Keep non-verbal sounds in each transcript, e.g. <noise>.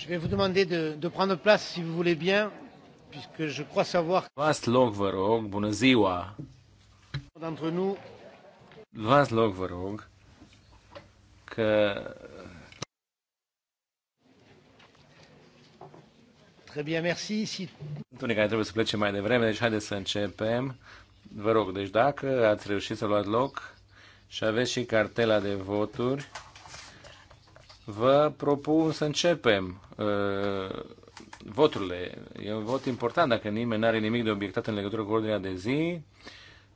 Je vais vous demander de, de prendre place si vous voulez bien, puisque je crois savoir. loc, vă rog, bună ziua! D'entre nous. Luați loc, vă rog, că. Très bien, merci. Si... Unii care trebuie să plece mai devreme, deci haideți să începem. Vă rog, deci dacă ați reușit să luați loc și aveți și cartela de voturi, Vă propun să începem uh, voturile. E un vot important. Dacă nimeni nu are nimic de obiectat în legătură cu ordinea de zi,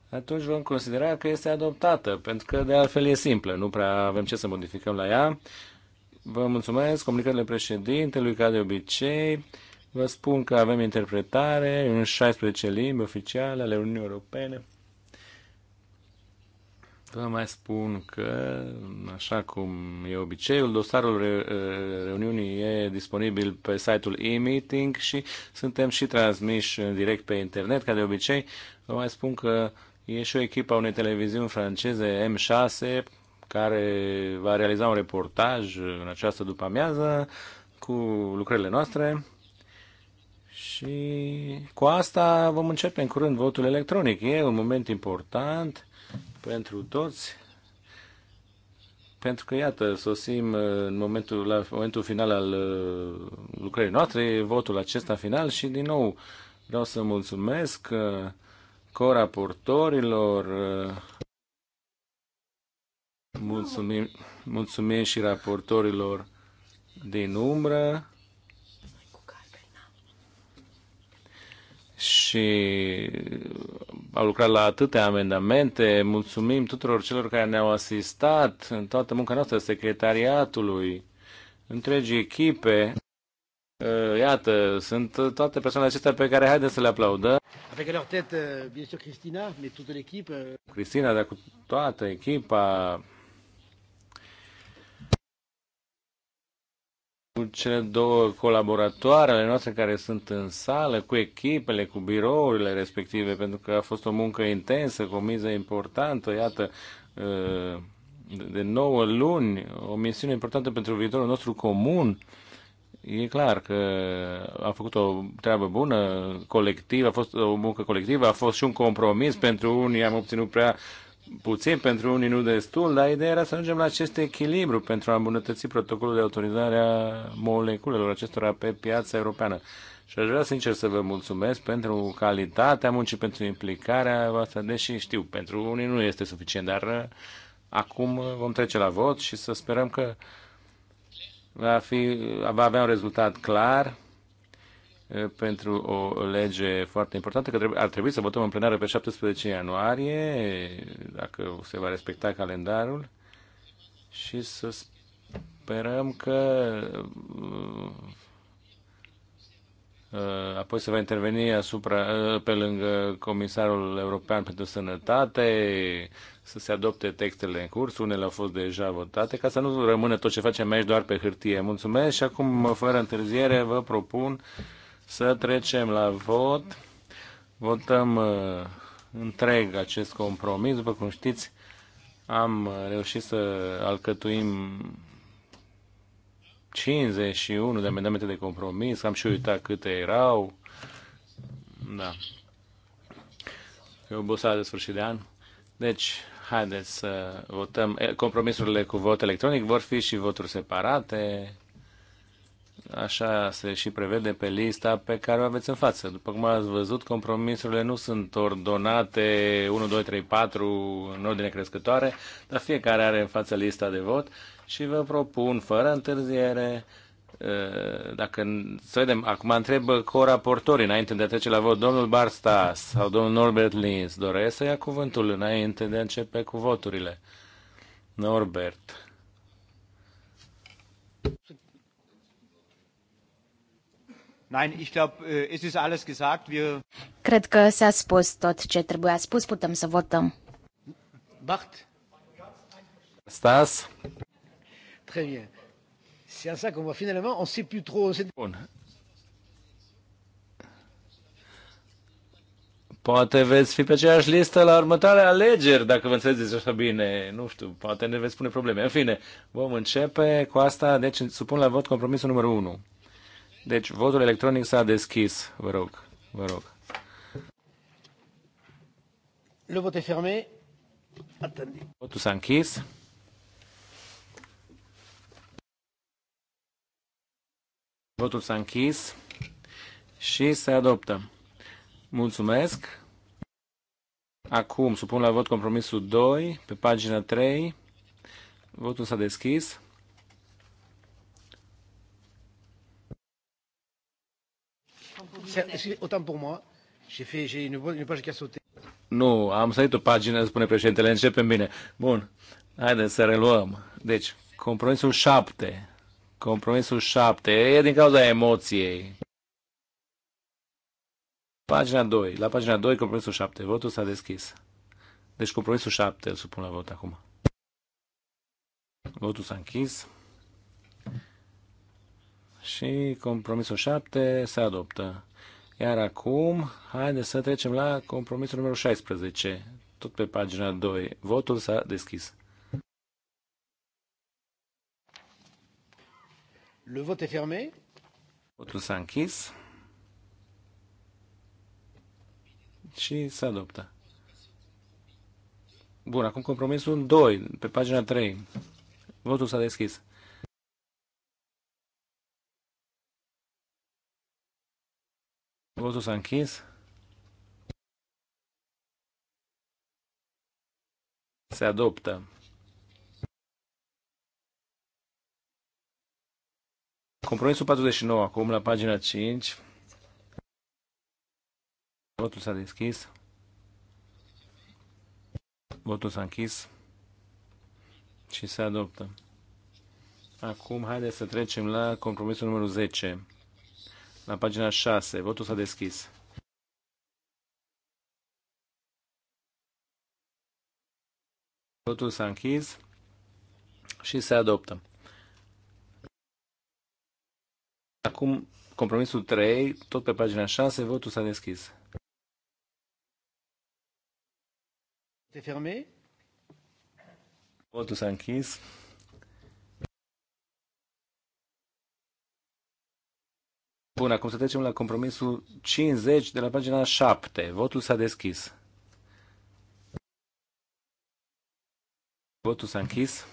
atunci vom considera că este adoptată, pentru că de altfel e simplă. Nu prea avem ce să modificăm la ea. Vă mulțumesc, comunicările președintelui, ca de obicei. Vă spun că avem interpretare în 16 limbi oficiale ale Uniunii Europene. Vă mai spun că, așa cum e obiceiul, dosarul re- reuniunii e disponibil pe site-ul e-meeting și suntem și transmiși în direct pe internet, ca de obicei. Vă mai spun că e și o echipă a unei televiziuni franceze M6 care va realiza un reportaj în această după-amiază cu lucrările noastre. Și cu asta vom începe în curând votul electronic. E un moment important pentru toți, pentru că, iată, sosim uh, în momentul, la momentul final al uh, lucrării noastre, votul acesta final și, din nou, vreau să mulțumesc uh, coraportorilor, mulțumim, mulțumim și raportorilor din umbră, și au lucrat la atâtea amendamente. Mulțumim tuturor celor care ne-au asistat în toată munca noastră, secretariatului, întregii echipe. Uh, iată, sunt toate persoanele acestea pe care haideți să le aplaudăm. Avec leur tête, euh, bien sûr, Cristina, mais toute l'équipe. Euh, Cristina, dar cu toată echipa, cu cele două colaboratoare ale noastre care sunt în sală, cu echipele, cu birourile respective, pentru că a fost o muncă intensă, cu o miză importantă, iată, uh, de 9 luni, o misiune importantă pentru viitorul nostru comun. E clar că a făcut o treabă bună, colectivă, a fost o muncă colectivă, a fost și un compromis. Pentru unii am obținut prea puțin, pentru unii nu destul, dar ideea era să ajungem la acest echilibru pentru a îmbunătăți protocolul de autorizare a moleculelor acestora pe piața europeană. Și aș vrea sincer să vă mulțumesc pentru calitatea muncii, pentru implicarea voastră, deși știu, pentru unii nu este suficient, dar uh, acum vom trece la vot și să sperăm că va, fi, va avea un rezultat clar pentru o lege foarte importantă, că ar trebui să votăm în plenară pe 17 ianuarie, dacă se va respecta calendarul, și să sperăm că uh, uh, apoi se va interveni asupra, uh, pe lângă Comisarul European pentru Sănătate, să se adopte textele în curs, unele au fost deja votate, ca să nu rămână tot ce facem aici doar pe hârtie. Mulțumesc și acum, fără întârziere, vă propun să trecem la vot. Votăm uh, întreg acest compromis. După cum știți, am uh, reușit să alcătuim 51 de amendamente de compromis. Am și uitat câte erau. Da. E obosat de sfârșit de an. Deci, haideți să votăm. Eh, compromisurile cu vot electronic vor fi și voturi separate. Așa se și prevede pe lista pe care o aveți în față. După cum ați văzut, compromisurile nu sunt ordonate 1, 2, 3, 4 în ordine crescătoare, dar fiecare are în față lista de vot și vă propun, fără întârziere, eh, dacă să vedem, acum întreb co-raportorii înainte de a trece la vot, domnul Barstas sau domnul Norbert Lins doresc să ia cuvântul înainte de a începe cu voturile. Norbert. Äh, Cred că s-a spus tot ce trebuia spus, putem să votăm. Bart? Stas? Très bien. C'est à ça qu'on voit finalement, on sait plus trop. Bun. Poate veți fi pe aceeași listă la următoarea alegeri, dacă vă înțelegeți așa bine. Nu știu, poate ne veți pune probleme. În fine, vom începe cu asta. Deci supun la vot compromisul numărul 1. Deci, votul electronic s-a deschis. Vă rog, vă rog. Le vot est fermé. Attendez. Votul s-a închis. Votul s-a închis și se adoptă. Mulțumesc. Acum supun la vot compromisul 2 pe pagina 3. Votul s-a deschis. Autant pour moi, j'ai fait, j'ai une, une page qui a sauté. Nu, am sărit o pagină, spune președintele, începem bine. Bun, haideți să reluăm. Deci, compromisul 7. Compromisul 7 e din cauza emoției. Pagina 2. La pagina 2, compromisul 7. Votul s-a deschis. Deci compromisul 7 îl supun la vot acum. Votul s-a închis. Și compromisul 7 se adoptă. Iar acum, haideți să trecem la compromisul numărul 16, tot pe pagina 2. Votul s-a deschis. Le vot est fermé. Votul s-a închis. Și se adoptă. Bun, acum compromisul 2, pe pagina 3. Votul s-a deschis. Votul s-a închis. Se adoptă. Compromisul 49, acum la pagina 5. Votul s-a deschis. Votul s-a închis. Și se adoptă. Acum haideți să trecem la compromisul numărul 10. La pagina 6, votul s-a deschis. Votul s-a închis și se adoptă. Acum, compromisul 3, tot pe pagina 6, votul s-a deschis. Votul s-a închis. Bun, acum să trecem la compromisul 50 de la pagina 7. Votul s-a deschis. Votul s-a închis.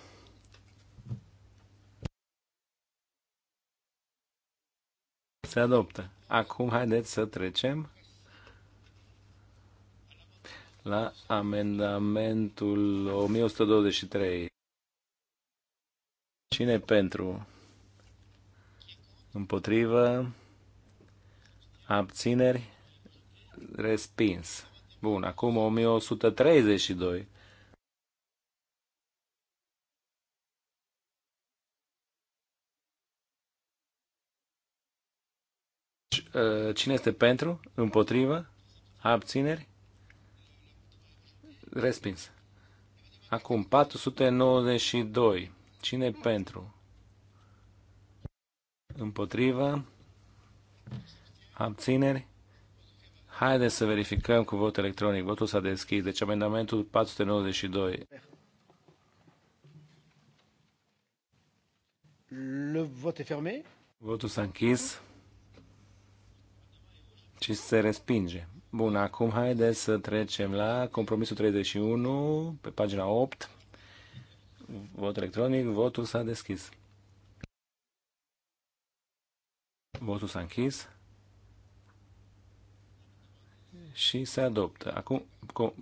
Se adoptă. Acum haideți să trecem la amendamentul 1123. Cine pentru? Împotrivă? abțineri, respins. Bun, acum 1132. Deci, cine este pentru? Împotrivă? Abțineri? Respins. Acum 492. Cine pentru? Împotrivă? Abțineri? Haideți să verificăm cu vot electronic. Votul s-a deschis. Deci amendamentul 492. Le vot est fermé. Votul s-a închis și se respinge. Bun, acum haideți să trecem la compromisul 31, pe pagina 8. Vot electronic, votul s-a deschis. Votul s-a închis și se adoptă. Acum, com,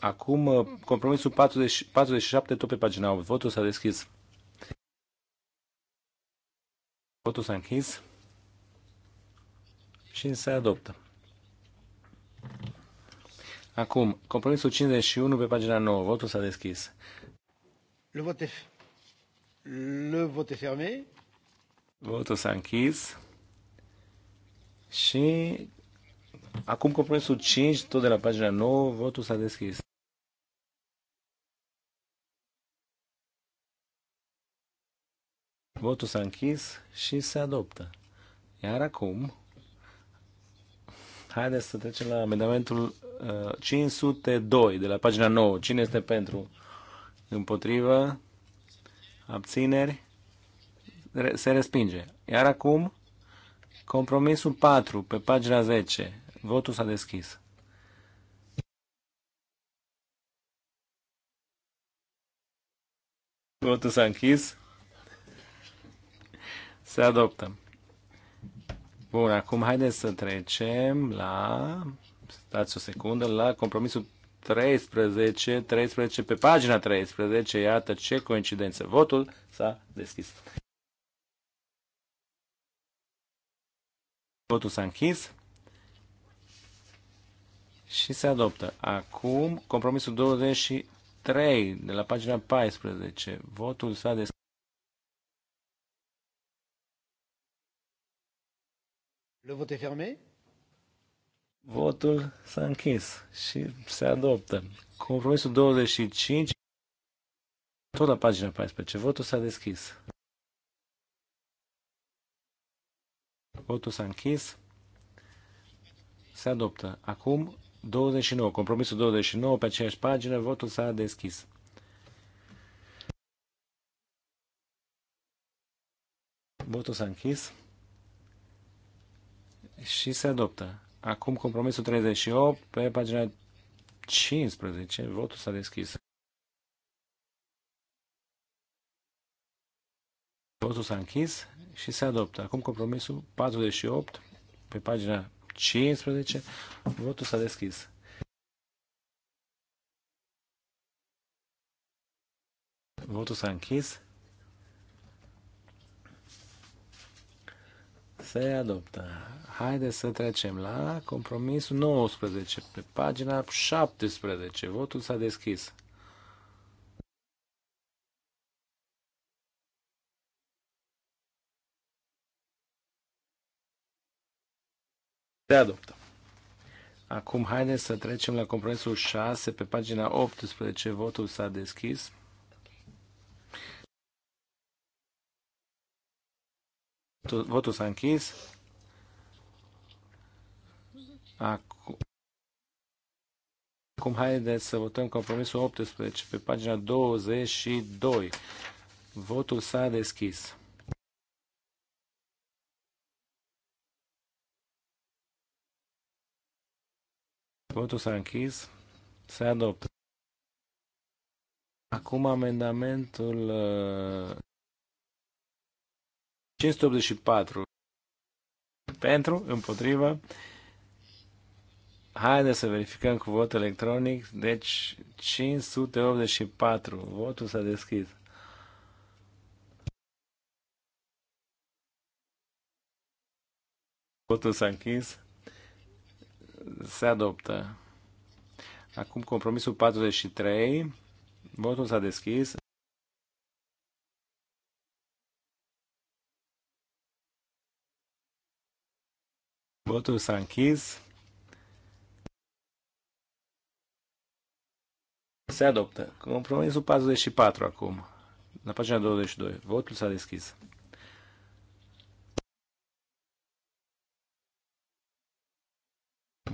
acum uh, compromisul 40, 47, tot pe pagina 8. Votul s-a deschis. Votul s-a închis și se adoptă. Acum, compromisul 51 pe pagina 9. Votul s-a deschis. Le vot est, le vot est fermé. Votul s-a închis și Acum compromisul 5, tot de la pagina 9, votul s-a deschis. Votul s-a închis și se adoptă. Iar acum, haideți să trecem la amendamentul uh, 502 de la pagina 9. Cine este pentru? Împotrivă? Abțineri? Re se respinge. Iar acum, compromisul 4 pe pagina 10. Votul s-a deschis. Votul s-a închis. Se adoptă. Bun, acum haideți să trecem la, stați o secundă, la compromisul 13, 13 pe pagina 13, iată ce coincidență. Votul s-a deschis. Votul s-a închis și se adoptă. Acum, compromisul 23 de la pagina 14. Votul s-a deschis. Le vot est fermé. Votul s-a închis și se adoptă. Compromisul 25, tot la pagina 14. Votul s-a deschis. Votul s-a închis. Se adoptă. Acum 29, compromisul 29, pe aceeași pagină, votul s-a deschis. Votul s-a închis și se adoptă. Acum compromisul 38, pe pagina 15, votul s-a deschis. Votul s-a închis și se adoptă. Acum compromisul 48, pe pagina 15. Votul s-a deschis. Votul s-a închis. Se adoptă. Haideți să trecem la compromisul 19, pe pagina 17. Votul s-a deschis. Se adoptă. Acum haideți să trecem la compromisul 6 pe pagina 18. Votul s-a deschis. Votul s-a închis. Acum, acum haideți să votăm compromisul 18 pe pagina 22. Votul s-a deschis. Votul s-a închis. Se adoptă. Acum amendamentul 584. Uh, Pentru, împotriva. Haideți să verificăm cu vot electronic. Deci 584. Votul s-a deschis. Votul s-a închis. Se adoptă. Acum compromisul 43. Votul s-a deschis. Votul s-a închis. Se adoptă. Compromisul 44 acum. La pagina 22. Votul s-a deschis.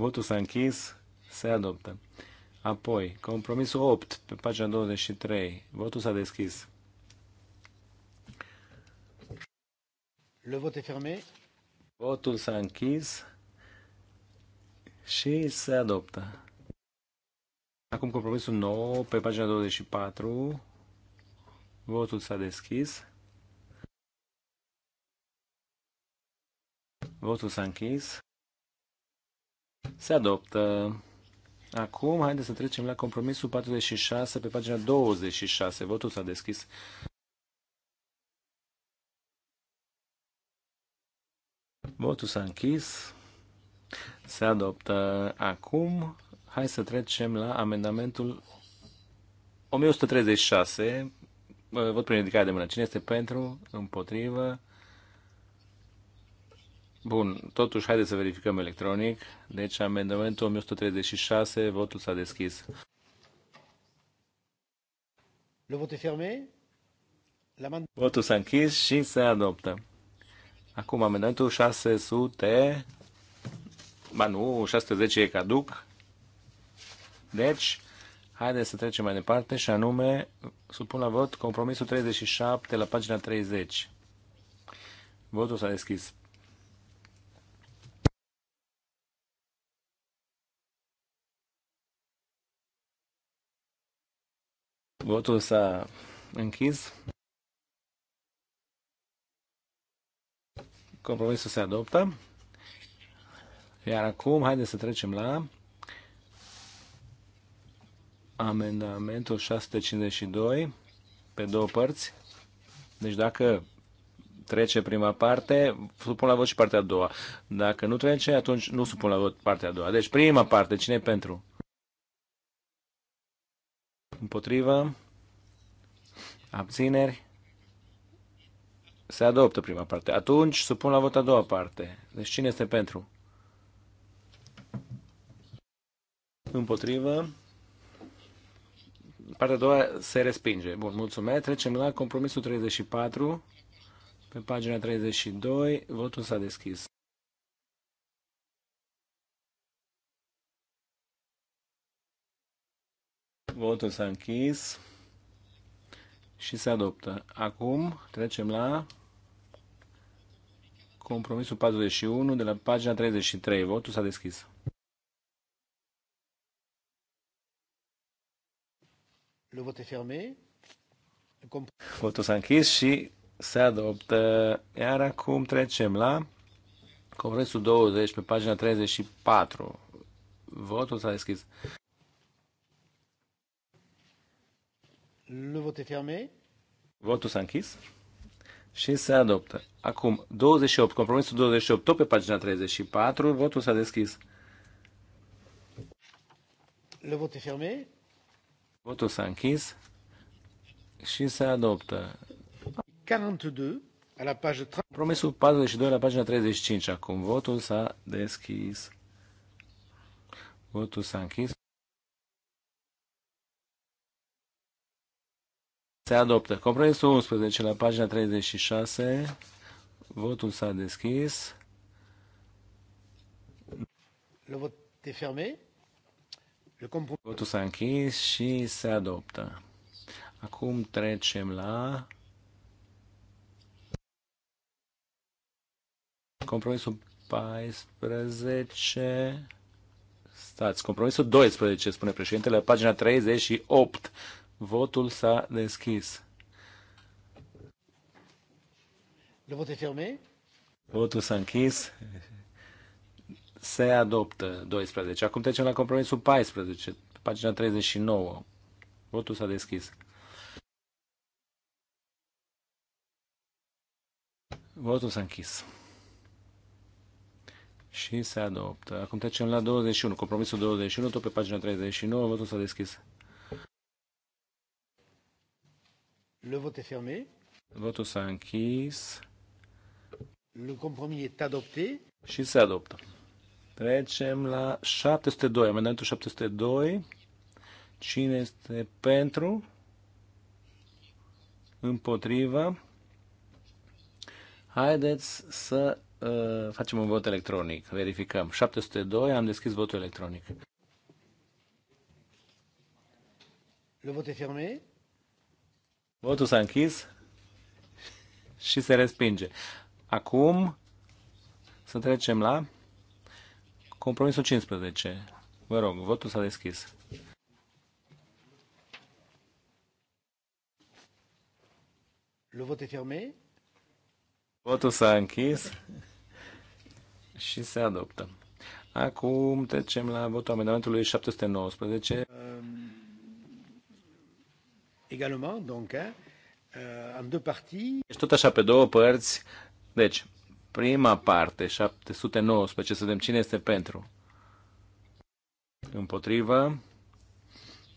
Votul s-a închis. Se adoptă. Apoi, compromisul 8, pe pagina 23. Votul s-a deschis. Le vot e fermé. Votul s-a închis și se adoptă. Acum compromisul 9, pe pagina 24. Votul s-a deschis. Votul s-a închis. Se adoptă. Acum, haideți să trecem la compromisul 46 pe pagina 26. Votul s-a deschis. Votul s-a închis. Se adoptă acum. Hai să trecem la amendamentul 1136. Vot prin ridicare de mână. Cine este pentru? Împotrivă? Bun, totuși haideți să verificăm electronic. Deci amendamentul 1136, votul s-a deschis. Le vot est fermé. Votul s-a închis și se adoptă. Acum amendamentul 600, ba nu, 610 e caduc. Deci, haideți să trecem mai departe și anume supun la vot compromisul 37 la pagina 30. Votul s-a deschis. Votul s-a închis. Compromisul se adoptă. Iar acum, haideți să trecem la amendamentul 652 pe două părți. Deci dacă trece prima parte, supun la vot și partea a doua. Dacă nu trece, atunci nu supun la vot partea a doua. Deci prima parte, cine e pentru? împotrivă, abțineri, se adoptă prima parte. Atunci supun la vot a doua parte. Deci cine este pentru? Împotrivă. Partea a doua se respinge. Bun, mulțumesc. Trecem la compromisul 34. Pe pagina 32, votul s-a deschis. Votul s-a închis și se adoptă. Acum trecem la compromisul 41 de la pagina 33. Votul s-a deschis. Le vot est fermé. Votul s-a închis și se adoptă. Iar acum trecem la compromisul 20 pe pagina 34. Votul s-a deschis. Le vot est fermé. Votul s-a închis și se adoptă. Acum, 28, compromisul 28, tot pe pagina 34, votul s-a deschis. Le vot est fermé. Votul s-a închis și se adoptă. 42, la page 30. Compromisul 42 la pagina 35 acum. Votul s-a deschis. Votul s-a închis. Se adoptă. Compromisul 11 la pagina 36. Votul s-a deschis. Le vot fermé. Le compromis... Votul s-a închis și se adoptă. Acum trecem la compromisul 14. Stați, compromisul 12, spune președintele, pagina 38. Votul s-a deschis. Le vote fermé. Votul s-a închis. Se adoptă 12. Acum trecem la compromisul 14, pagina 39. Votul s-a deschis. Votul s-a închis. Și se adoptă. Acum trecem la 21. Compromisul 21, tot pe pagina 39. Votul s-a deschis. Le vote est fermé. Votul s-a închis. Le compromis est adopté. Și se adoptă. Trecem la 702, amendamentul 702. Cine este pentru? Împotriva? Haideți să uh, facem un vot electronic. Verificăm. 702, am deschis votul electronic. Le vot est fermé. Votul s-a închis și se respinge. Acum să trecem la compromisul 15. Vă rog, votul s-a deschis. Le vot est fermé. Votul s-a închis și se adoptă. Acum trecem la votul amendamentului 719. Euh, deci tot așa pe două părți. Deci, prima parte, 719, să vedem cine este pentru. Împotrivă.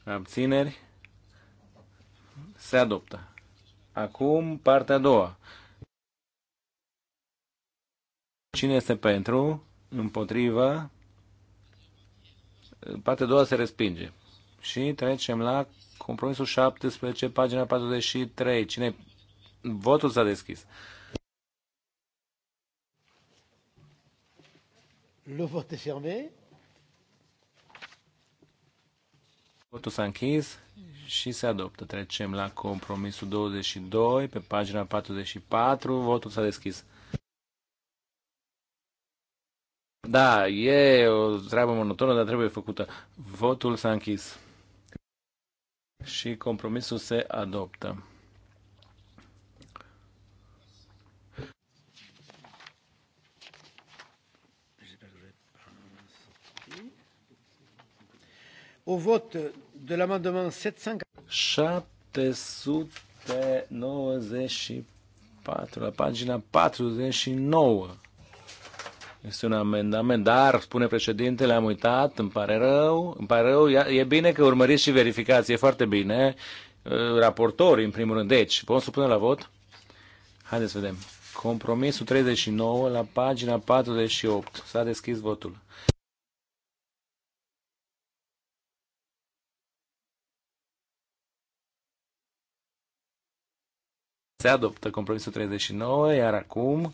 Abțineri. Se adoptă. Acum, partea a doua. Cine este pentru? Împotrivă. Partea a doua se respinge. Și trecem la Compromisul 17, pagina 43. Cine... Votul s-a deschis. Le vot est fermé. Votul s-a închis și se adoptă. Trecem la compromisul 22, pe pagina 44. Votul s-a deschis. Da, e o treabă monotonă, dar trebuie făcută. Votul s-a închis și compromisul se adoptă. Au vot de l'amendement 794 la pagina 49. Este un amendament, dar, spune președintele, am uitat, îmi pare rău, îmi pare rău, e bine că urmăriți și verificați, e foarte bine. Uh, Raportori, în primul rând. Deci, să punem la vot? Haideți să vedem. Compromisul 39 la pagina 48. S-a deschis votul. Se adoptă compromisul 39, iar acum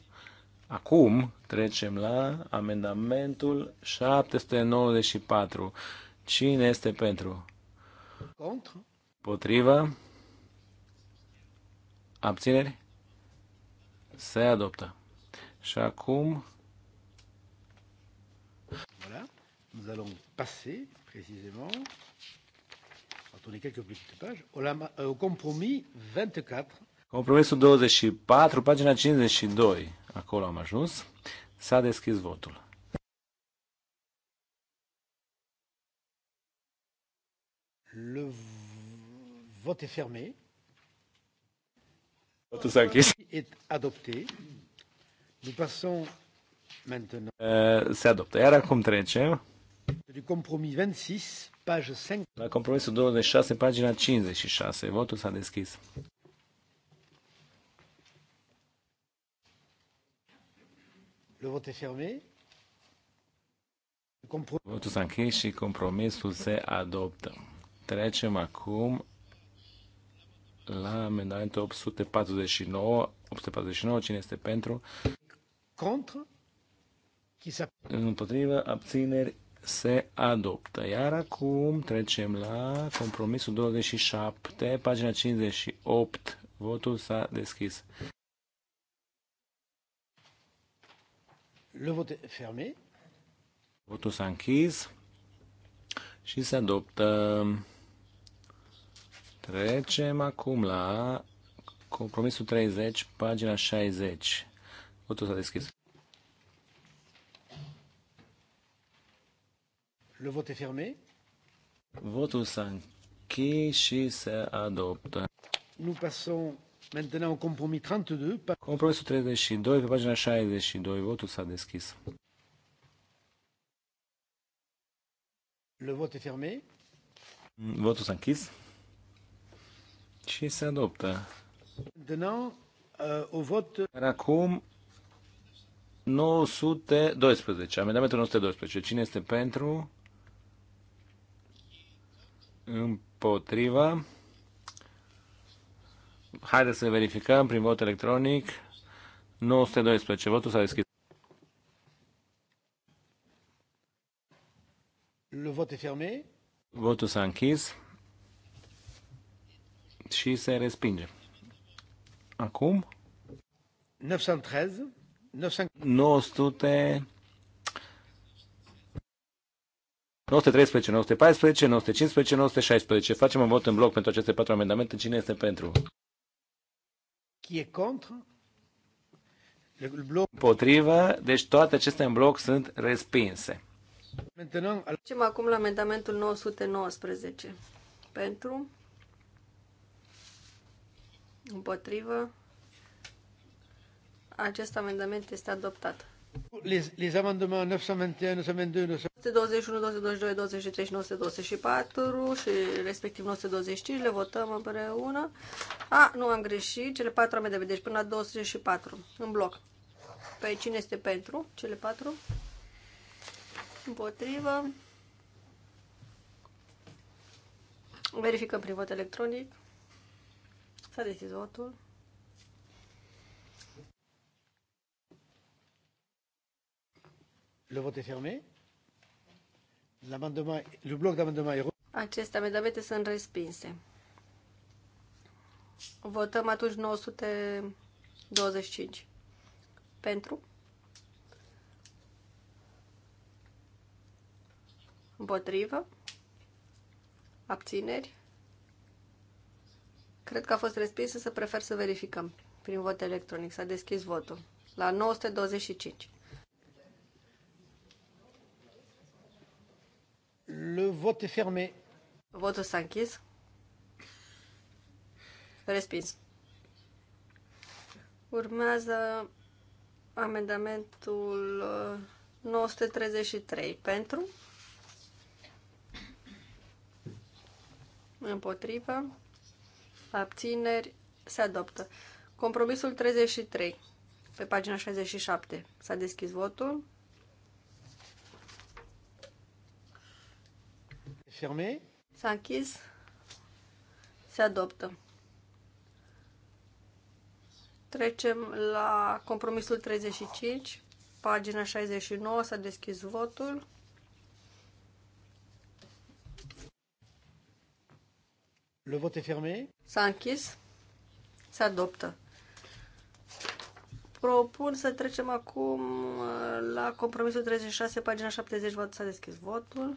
Acum trecem la amendamentul 794. Cine este pentru? Contra. Potrivă? Abțineri? Se adoptă. Și acum... Voilà. Nous allons passer précisément, à tourner quelques petites pages, au, euh, au compromis 24 Compromisul 24, pagina 52. Acolo am ajuns. S-a deschis votul. Le vot est fermé. Votul s-a închis. Est adopté. Nous passons maintenant. Uh, se adoptă. Iar acum trecem. Du compromis 26, page 5. La compromisul 26, pagina 56. Votul s-a deschis. Votul s-a închis și compromisul se adoptă. Trecem acum la amendamentul 849. 849, cine este pentru? Contra? Împotrivă, abțineri, se adoptă. Iar acum trecem la compromisul 27, pagina 58. Votul s-a deschis. Le vot est fermé. Votul s-a închis și se adoptă. Trecem acum la compromisul 30, pagina 60. Votul s-a deschis. Le vot est fermé. Votul s-a închis și se adoptă. Nous passons Maintenant, compromis 32. Compromisul 32, pe pagina 62, votul s-a deschis. Le vot est fermé. Votul s-a închis și se adoptă. Maintenant, uh, au vot... acum, 912, amendamentul 912. Cine este pentru? Împotriva? Haideți să verificăm prin vot electronic. 912. Votul s-a deschis. Le vot est fermé. Votul s-a închis și se respinge. Acum? 913. 900... 913, 914, 915, 916. Facem un vot în bloc pentru aceste patru amendamente. Cine este pentru? Qui est contre? Împotrivă, deci toate acestea în bloc sunt respinse. Mergem acum la amendamentul 919. Pentru, împotrivă, acest amendament este adoptat. Les, les amendements 921, 922, 921, 222, 23 și 924 și respectiv 925 le votăm împreună. A, nu am greșit, cele patru amende, deci până la 24 în bloc. Pe păi, cine este pentru cele patru? Împotrivă. Verificăm prin vot electronic. S-a deschis votul. Le vote est fermé. L'amendement, le bloc d'amendement est... Aceste amendamente sunt respinse. Votăm atunci 925. Pentru? Împotrivă? Abțineri? Cred că a fost respinsă, să prefer să verificăm prin vot electronic. S-a deschis votul. La 925. Le vote est fermé. Votul s-a închis. Respins. Urmează amendamentul 933 uh, pentru împotrivă abțineri se adoptă. Compromisul 33 pe pagina 67 s-a deschis votul. Fermé. s închis. Se adoptă. Trecem la compromisul 35, pagina 69, s-a deschis votul. Le vot est fermé. S-a închis. Se adoptă. Propun să trecem acum uh, la compromisul 36, pagina 70, s-a deschis votul.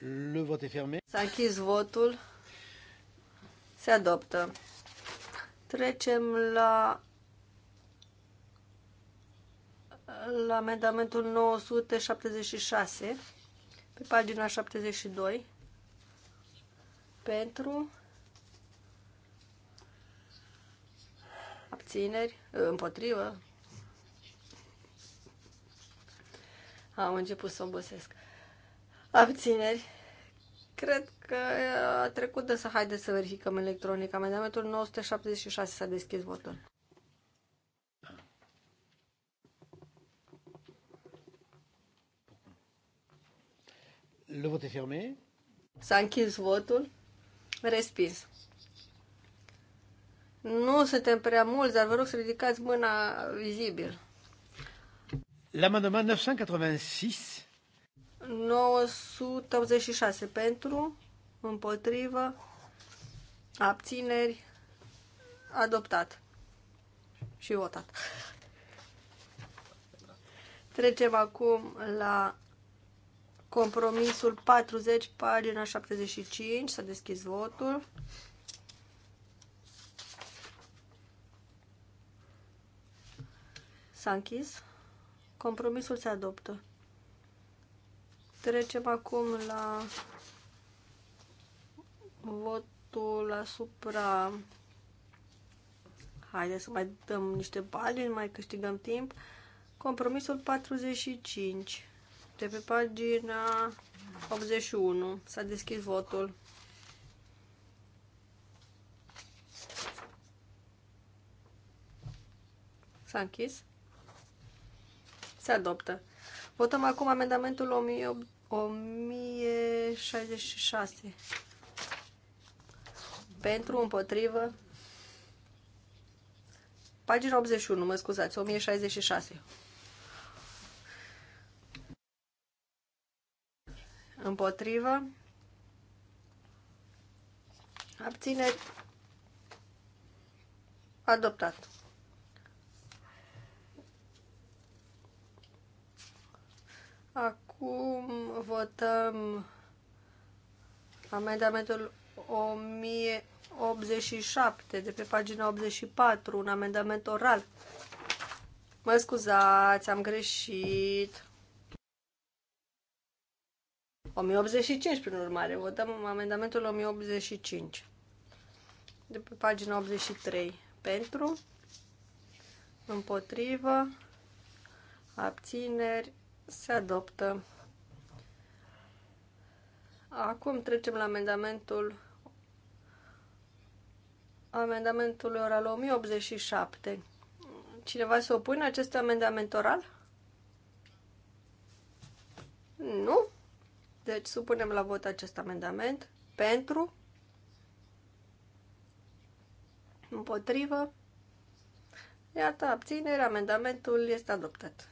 Le vot est fermé. S-a închis votul. Se adoptă. Trecem la la amendamentul 976 pe pagina 72 pentru abțineri împotrivă am început să obosesc Abțineri. Cred că uh, a trecut de să haideți să verificăm electronic. Amendamentul 976 s-a deschis votul. Le vot fermé. S-a închis votul. Respins. Nu suntem prea mulți, dar vă rog să ridicați mâna vizibil. L'amendement 986 986 pentru, împotrivă, abțineri, adoptat și votat. Trecem acum la compromisul 40, pagina 75, s-a deschis votul. S-a închis. Compromisul se adoptă. Trecem acum la votul asupra... Haideți să mai dăm niște pagini, mai câștigăm timp. Compromisul 45 de pe pagina 81. S-a deschis votul. S-a închis. Se adoptă. Votăm acum amendamentul 1066. Pentru, împotrivă. Pagina 81, mă scuzați, 1066. Împotrivă. Abțineri. Adoptat. Acum. Acum votăm amendamentul 1087 de pe pagina 84, un amendament oral. Mă scuzați, am greșit. 1085, prin urmare. Votăm amendamentul 1085. De pe pagina 83. Pentru, împotrivă, abțineri, se adoptă. Acum trecem la amendamentul amendamentul oral 1087. Cineva se opune acest amendament oral? Nu? Deci supunem la vot acest amendament. Pentru? Împotrivă? Iată, abținere, amendamentul este adoptat.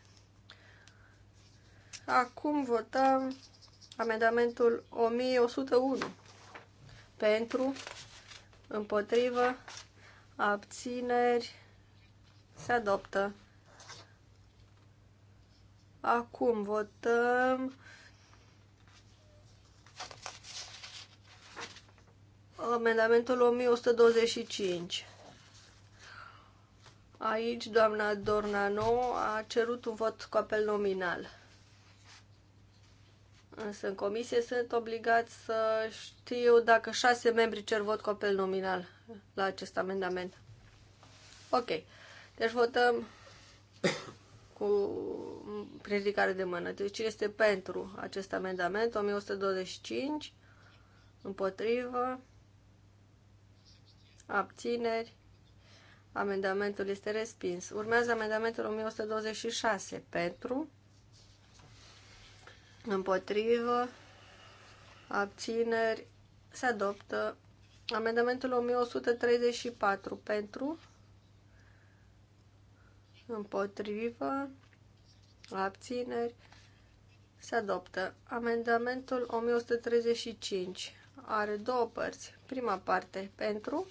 Acum votăm Amendamentul 1101 pentru, împotrivă, abțineri, se adoptă. Acum votăm amendamentul 1125. Aici doamna Dornano a cerut un vot cu apel nominal. Însă în comisie sunt obligați să știu dacă șase membri cer vot cu apel nominal la acest amendament. Ok. Deci votăm <coughs> cu ridicare de mână. Deci cine este pentru acest amendament? 1125. Împotrivă. Abțineri. Amendamentul este respins. Urmează amendamentul 1126. Pentru. Împotrivă. Abțineri. Se adoptă. Amendamentul 1134 pentru. Împotrivă. Abțineri. Se adoptă. Amendamentul 1135 are două părți. Prima parte pentru,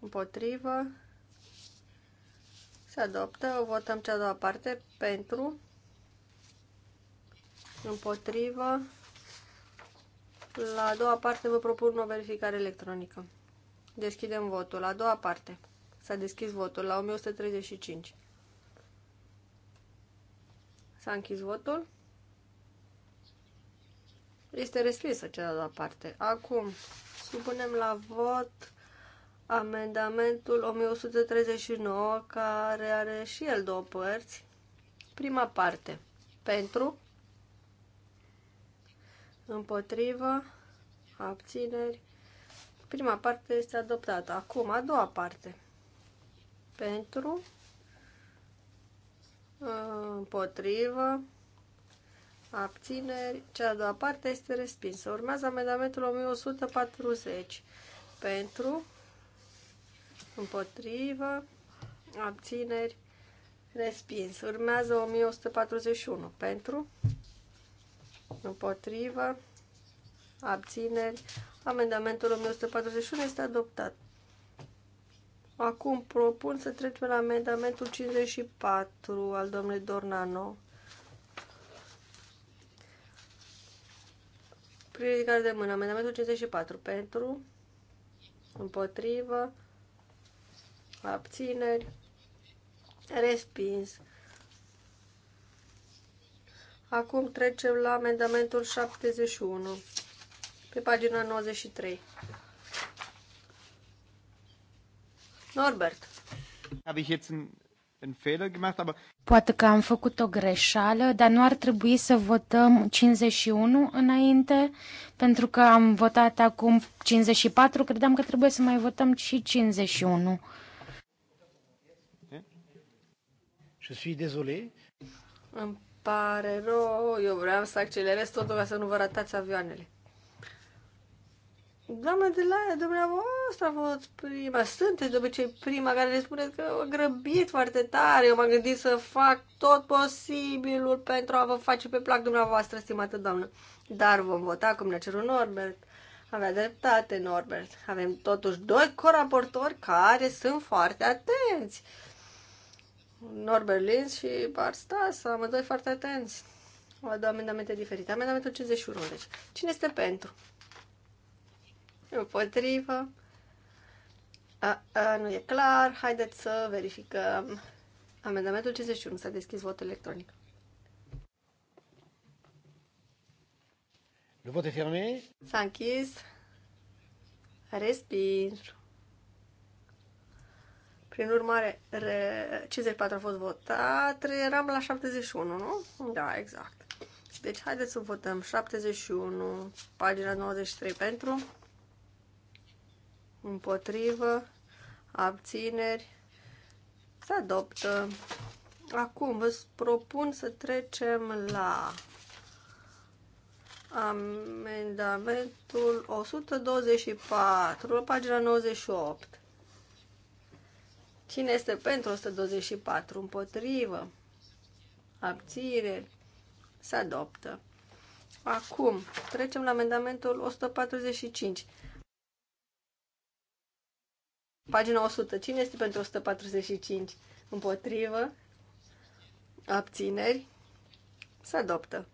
împotrivă, se adoptă. Votăm cea a doua parte pentru, împotrivă. La a doua parte vă propun o verificare electronică. Deschidem votul. La a doua parte s-a deschis votul la 1135. S-a închis votul. Este respinsă cea de-a doua parte. Acum, supunem la vot amendamentul 1139, care are și el două părți. Prima parte, pentru, împotrivă, abțineri. Prima parte este adoptată. Acum, a doua parte. Pentru, împotrivă, abțineri. Cea a doua parte este respinsă. Urmează amendamentul 1140. Pentru, împotrivă, abțineri, respins. Urmează 1141. Pentru, Împotrivă. Abțineri. Amendamentul 1141 este adoptat. Acum propun să trecem la amendamentul 54 al domnului Dornano. Ridicare de mână. Amendamentul 54 pentru, împotrivă, abțineri, respins. Acum trecem la amendamentul 71, pe pagina 93. Norbert. Poate că am făcut o greșeală, dar nu ar trebui să votăm 51 înainte, pentru că am votat acum 54, credeam că trebuie să mai votăm și 51. Je suis désolé. Îmi pare rău, eu vreau să accelerez totul ca să nu vă ratați avioanele. Doamna de la dumneavoastră a fost prima, sunteți de obicei prima care le spuneți că a grăbit foarte tare, eu m-am gândit să fac tot posibilul pentru a vă face pe plac dumneavoastră, stimată doamnă. Dar vom vota cum ne-a cerut Norbert. Avea dreptate, Norbert. Avem totuși doi coraportori care sunt foarte atenți. Norbert Linz și Bart Stas, amândoi foarte atenți. O două amendamente diferite. Amendamentul 51, deci. Cine este pentru? Împotrivă. A, a, nu e clar. Haideți să verificăm. Amendamentul 51. S-a deschis votul electronic. Le vot est fermé. S-a închis. Respins. Prin urmare, 54 a fost votat, eram la 71, nu? Da, exact. Deci, haideți să votăm. 71, pagina 93 pentru, împotrivă, abțineri, se adoptă. Acum vă propun să trecem la amendamentul 124, pagina 98. Cine este pentru 124? Împotrivă? Abțire? Se adoptă. Acum, trecem la amendamentul 145. Pagina 100. Cine este pentru 145? Împotrivă? Abțineri? Se adoptă.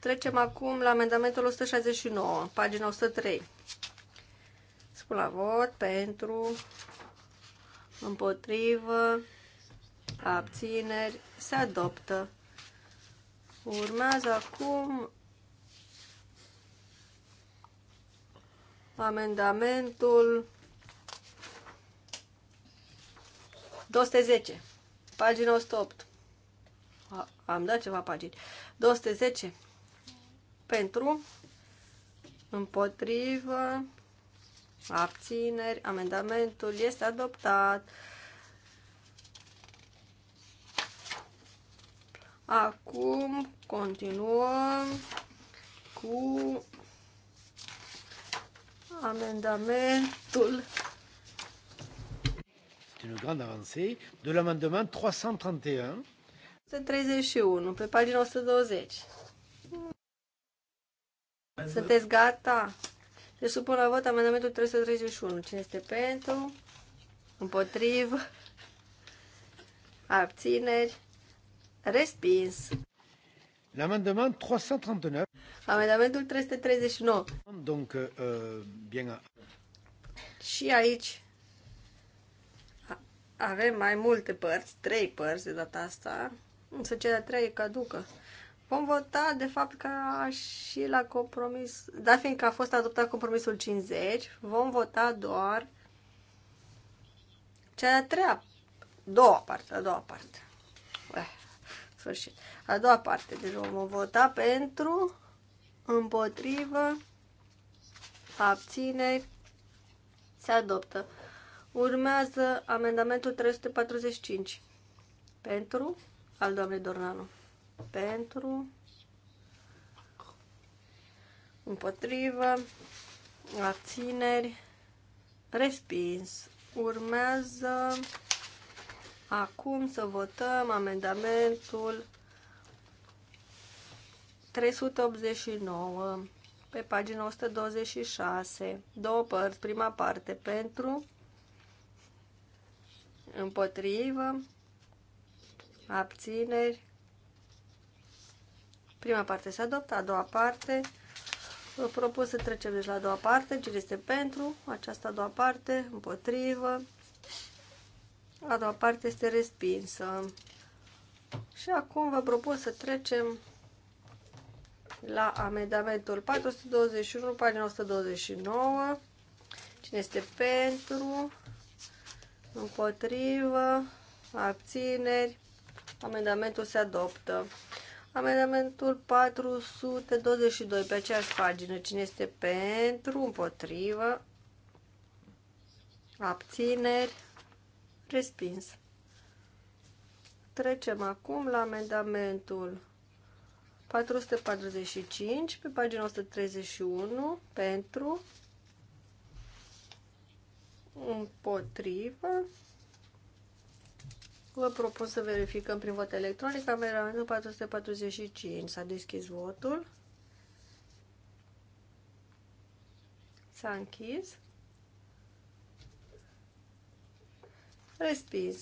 Trecem acum la amendamentul 169, pagina 103 textul la vot pentru, împotrivă, abțineri, se adoptă. Urmează acum amendamentul 210, pagina 108. am dat ceva pagini. 210 pentru, împotrivă, abțineri, amendamentul este adoptat. Acum continuăm cu amendamentul Este une grande avancée de l'amendement 331. 131, pe pagina 120. Sunteți gata? Se supun la vot amendamentul 331. Cine este pentru? Împotriv? Abțineri? Respins. L'amendement 339. Amendamentul 339. Donc, euh, bien... Și aici avem mai multe părți, trei părți de data asta, însă cea de treia e caducă. Vom vota, de fapt, ca și la compromis, dar fiindcă a fost adoptat compromisul 50, vom vota doar cea de-a treia, doua parte, a doua parte. Ue, sfârșit. A doua parte, deci vom vota pentru, împotrivă, abțineri, se adoptă. Urmează amendamentul 345. Pentru al doamnei Dornanu pentru, împotrivă, abțineri, respins. Urmează acum să votăm amendamentul 389 pe pagina 126, două părți, prima parte pentru, împotrivă, abțineri, Prima parte se adoptă, a doua parte. Vă propun să trecem deci la a doua parte. Cine este pentru această a doua parte? Împotrivă. A doua parte este respinsă. Și acum vă propun să trecem la amendamentul 421, pagina 129. Cine este pentru? Împotrivă? Abțineri? Amendamentul se adoptă. Amendamentul 422 pe aceeași pagină. Cine este pentru, împotrivă, abțineri, respins. Trecem acum la amendamentul 445 pe pagina 131 pentru, împotrivă, Vă propun să verificăm prin vot electronic amendamentul 445. S-a deschis votul. S-a închis. Respins.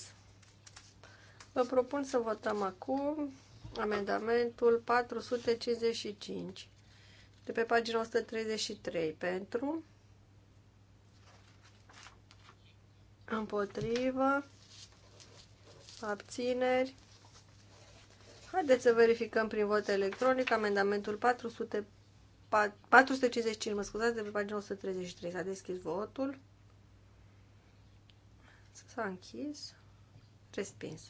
Vă propun să votăm acum amendamentul 455 de pe pagina 133 pentru împotrivă abțineri. Haideți să verificăm prin vot electronic amendamentul 400, 455, mă scuzați, de pe pagina 133. S-a deschis votul. S-a închis. Respins.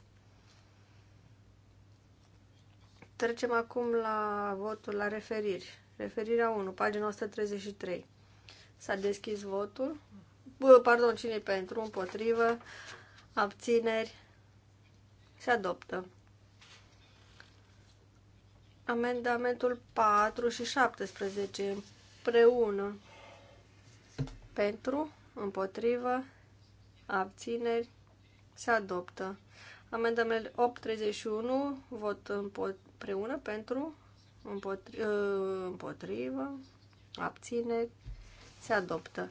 Trecem acum la votul la referiri. Referirea 1, pagina 133. S-a deschis votul. Bă, pardon, cine pentru, împotrivă, abțineri, se adoptă. Amendamentul 4 și 17 împreună. Pentru, împotrivă, abțineri, se adoptă. Amendamentul 831, vot împreună, pentru, împotri, ă, împotrivă, abțineri, se adoptă.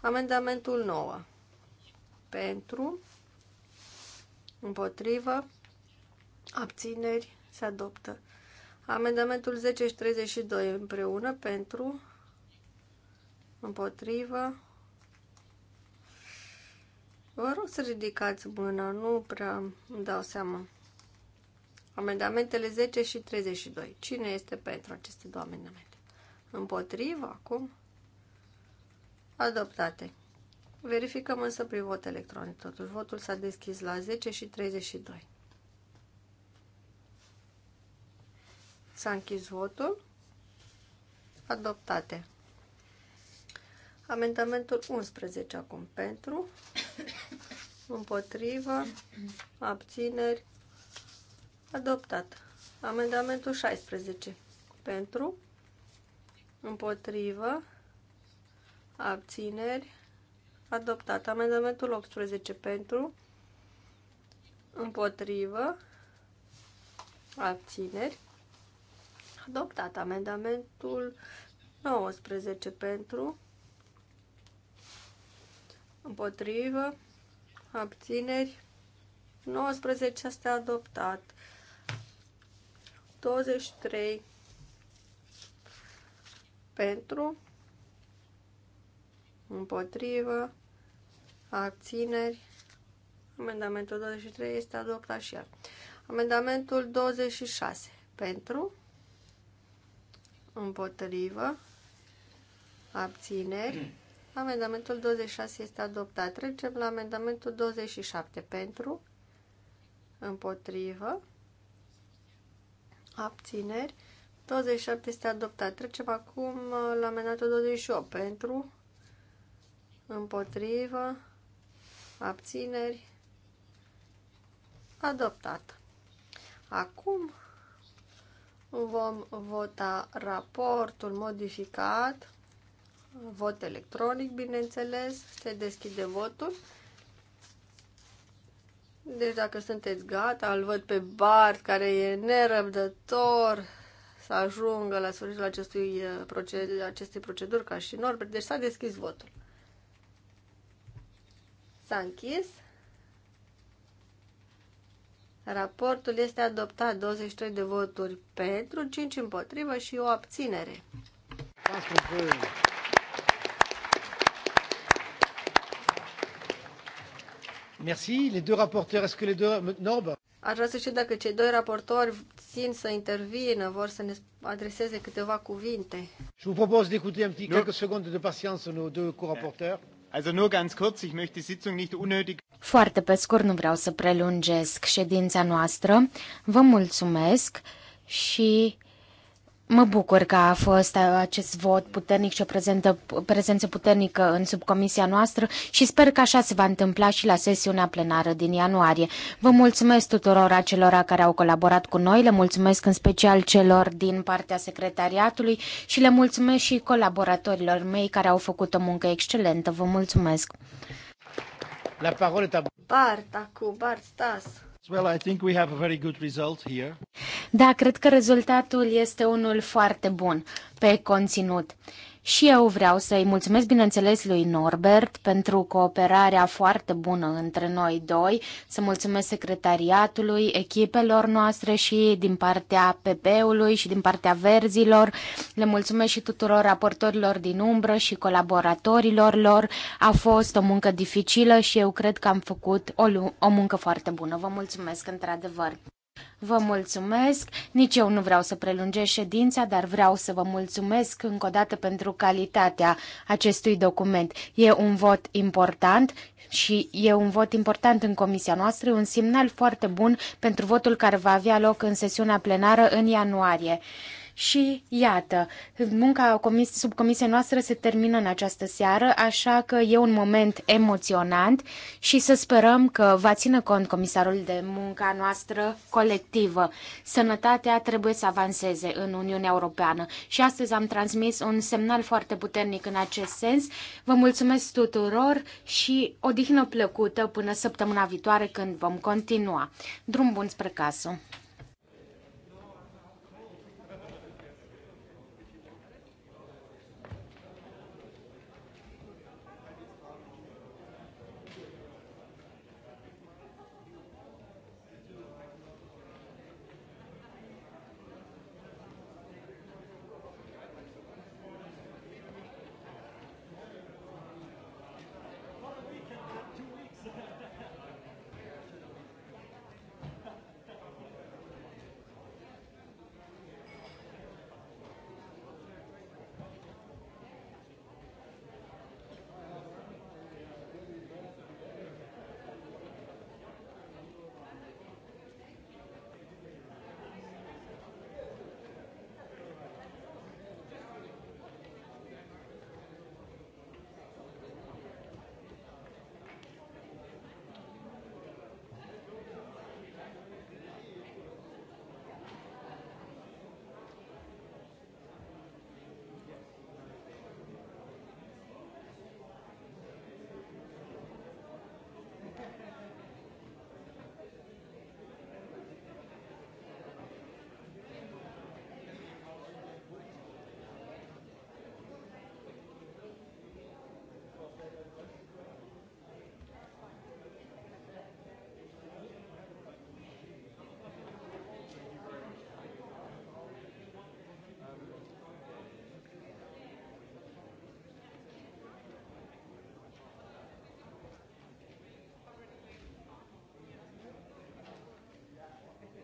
Amendamentul 9, pentru, Împotrivă. Abțineri. Se adoptă. Amendamentul 10 și 32 împreună pentru. Împotrivă. Vă rog să ridicați mâna, nu prea îmi dau seama. Amendamentele 10 și 32. Cine este pentru aceste două amendamente? Împotrivă acum? Adoptate. Verificăm însă prin vot electronic totul. Votul s-a deschis la 10 și 32. S-a închis votul. Adoptate. Amendamentul 11 acum pentru, împotrivă, abțineri, adoptat. Amendamentul 16 pentru, împotrivă, abțineri, Adoptat. Amendamentul 18 pentru. Împotrivă. Abțineri. Adoptat. Amendamentul 19 pentru. Împotrivă. Abțineri. 19 este adoptat. 23 pentru împotrivă, abțineri. Amendamentul 23 este adoptat și el. Amendamentul 26 pentru, împotrivă, abțineri. Amendamentul 26 este adoptat. Trecem la amendamentul 27 pentru, împotrivă, abțineri. 27 este adoptat. Trecem acum la amendamentul 28 pentru, împotrivă, abțineri, adoptat. Acum vom vota raportul modificat, vot electronic, bineînțeles, se deschide votul. Deci dacă sunteți gata, îl văd pe Bart care e nerăbdător să ajungă la sfârșitul acestui, uh, acestei proceduri ca și Norbert. Deci s-a deschis votul. S-a închis. Raportul este adoptat 23 de voturi pentru, 5 împotrivă și o abținere. Merci. Les deux rapporteurs, est-ce que les deux... Non, bah. Aș vrea să știu dacă cei doi raportori țin să intervină, vor să ne adreseze câteva cuvinte. Je vous propose d'écouter un petit quelques secondes de patience nos deux co-rapporteurs. Foarte pe scurt, nu vreau să prelungesc ședința noastră. Vă mulțumesc și Mă bucur că a fost acest vot puternic și o prezentă, prezență puternică în subcomisia noastră și sper că așa se va întâmpla și la sesiunea plenară din ianuarie. Vă mulțumesc tuturor acelora care au colaborat cu noi, le mulțumesc în special celor din partea secretariatului și le mulțumesc și colaboratorilor mei care au făcut o muncă excelentă. Vă mulțumesc! La parole Bart acum, Bart Stas. Well, I think we have a very good result here. Da, cred că rezultatul este unul foarte bun pe conținut. Și eu vreau să-i mulțumesc, bineînțeles, lui Norbert pentru cooperarea foarte bună între noi doi, să mulțumesc secretariatului, echipelor noastre și din partea PP-ului și din partea verzilor. Le mulțumesc și tuturor raportorilor din umbră și colaboratorilor lor. A fost o muncă dificilă și eu cred că am făcut o, o muncă foarte bună. Vă mulțumesc, într-adevăr. Vă mulțumesc. Nici eu nu vreau să prelungesc ședința, dar vreau să vă mulțumesc încă o dată pentru calitatea acestui document. E un vot important și e un vot important în comisia noastră, un semnal foarte bun pentru votul care va avea loc în sesiunea plenară în ianuarie. Și iată, munca comis- comisia noastră se termină în această seară, așa că e un moment emoționant și să sperăm că va ține cont comisarul de munca noastră colectivă. Sănătatea trebuie să avanseze în Uniunea Europeană și astăzi am transmis un semnal foarte puternic în acest sens. Vă mulțumesc tuturor și o dihnă plăcută până săptămâna viitoare când vom continua. Drum bun spre casă!